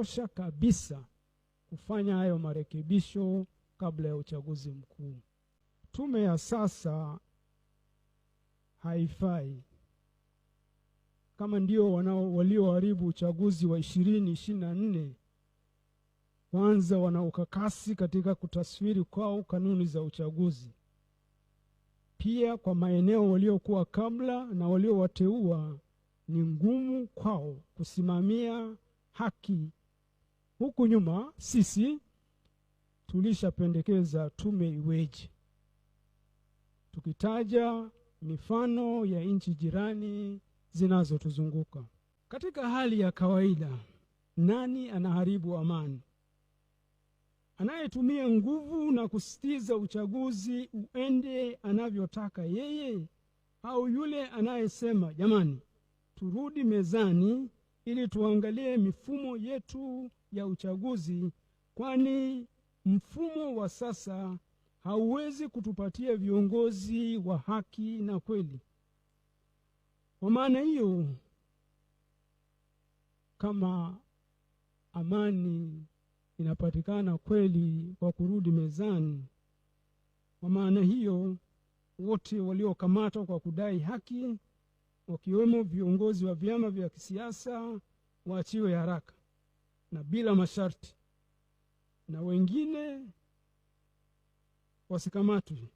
kutosha kabisa kufanya hayo marekebisho kabla ya uchaguzi mkuu. Tume ya sasa haifai kama ndio wanao walioharibu uchaguzi wa ishirini ishirini na nne. Kwanza wana ukakasi katika kutaswiri kwao kanuni za uchaguzi, pia kwa maeneo waliokuwa kabla na waliowateua, ni ngumu kwao kusimamia haki Huku nyuma sisi tulishapendekeza tume iweje, tukitaja mifano ya nchi jirani zinazotuzunguka. Katika hali ya kawaida, nani anaharibu amani? Anayetumia nguvu na kusitiza uchaguzi uende anavyotaka yeye, au yule anayesema jamani, turudi mezani ili tuangalie mifumo yetu ya uchaguzi, kwani mfumo wa sasa hauwezi kutupatia viongozi wa haki na kweli. Kwa maana hiyo, kama amani inapatikana kweli kwa kurudi mezani, kwa maana hiyo wote waliokamatwa kwa kudai haki wakiwemo viongozi wa vyama vya kisiasa waachiwe haraka na bila masharti, na wengine wasikamatwe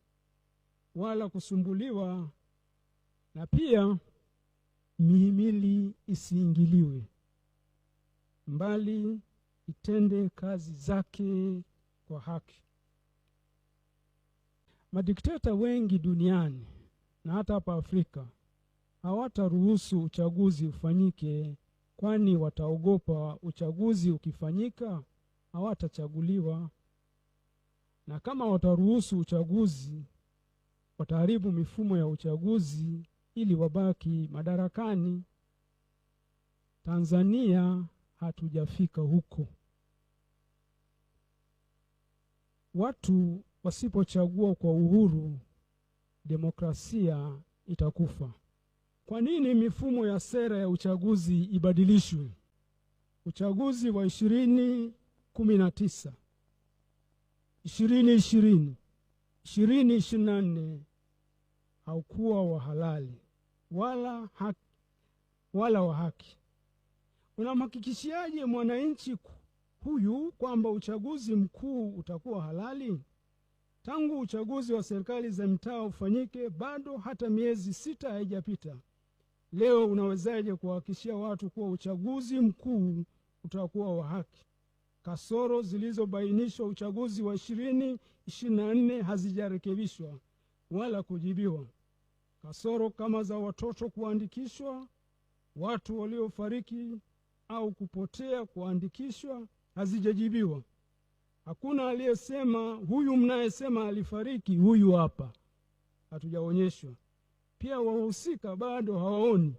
wala kusumbuliwa, na pia mihimili isiingiliwe, mbali itende kazi zake kwa haki. Madikteta wengi duniani na hata hapa Afrika hawataruhusu uchaguzi ufanyike, kwani wataogopa uchaguzi ukifanyika hawatachaguliwa, na kama wataruhusu uchaguzi wataharibu mifumo ya uchaguzi ili wabaki madarakani. Tanzania hatujafika huko. Watu wasipochagua kwa uhuru, demokrasia itakufa. Kwa nini mifumo ya sera ya uchaguzi ibadilishwe? Uchaguzi wa 2019, 2020, 2024 haukuwa wa halali wala haki, wala wa haki. Unamhakikishiaje mwananchi huyu kwamba uchaguzi mkuu utakuwa halali? Tangu uchaguzi wa serikali za mitaa ufanyike, bado hata miezi sita haijapita. Leo unawezaje kuwahakikishia watu kuwa uchaguzi mkuu utakuwa wa haki? Kasoro zilizobainishwa uchaguzi wa ishirini ishirini na nne hazijarekebishwa wala kujibiwa. Kasoro kama za watoto kuandikishwa, watu waliofariki au kupotea kuandikishwa hazijajibiwa. Hakuna aliyesema huyu mnayesema alifariki, huyu hapa. Hatujaonyeshwa pia wahusika bado hawaoni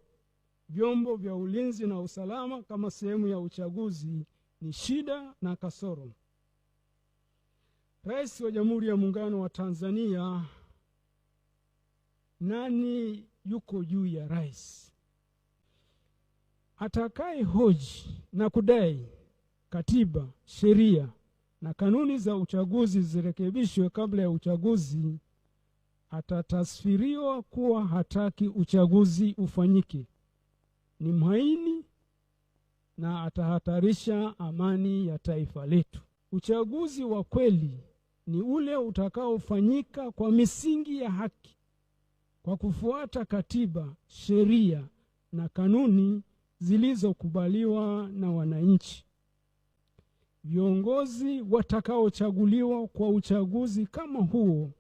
vyombo vya ulinzi na usalama kama sehemu ya uchaguzi ni shida na kasoro. Rais wa Jamhuri ya Muungano wa Tanzania, nani yuko juu ya rais? Atakaye hoji na kudai katiba, sheria na kanuni za uchaguzi zirekebishwe kabla ya uchaguzi atatasfiriwa kuwa hataki uchaguzi ufanyike, ni mhaini na atahatarisha amani ya taifa letu. Uchaguzi wa kweli ni ule utakaofanyika kwa misingi ya haki, kwa kufuata katiba, sheria na kanuni zilizokubaliwa na wananchi. Viongozi watakaochaguliwa kwa uchaguzi kama huo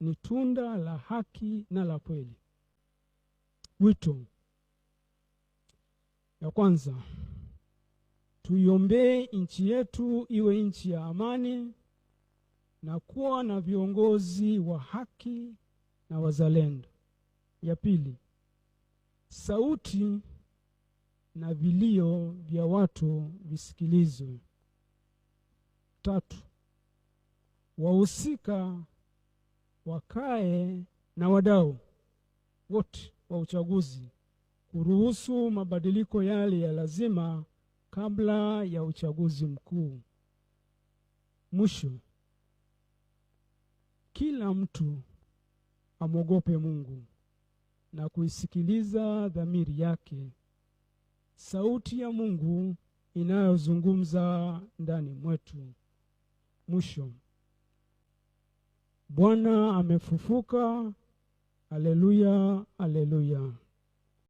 ni tunda la haki na la kweli. Wito ya kwanza, tuiombee nchi yetu iwe nchi ya amani na kuwa na viongozi wa haki na wazalendo. Ya pili, sauti na vilio vya watu visikilizwe. Tatu, wahusika wakae na wadau wote wa uchaguzi kuruhusu mabadiliko yale ya lazima kabla ya uchaguzi mkuu. Mwisho, kila mtu amwogope Mungu na kuisikiliza dhamiri yake, sauti ya Mungu inayozungumza ndani mwetu. Mwisho. Bwana amefufuka. Haleluya, haleluya.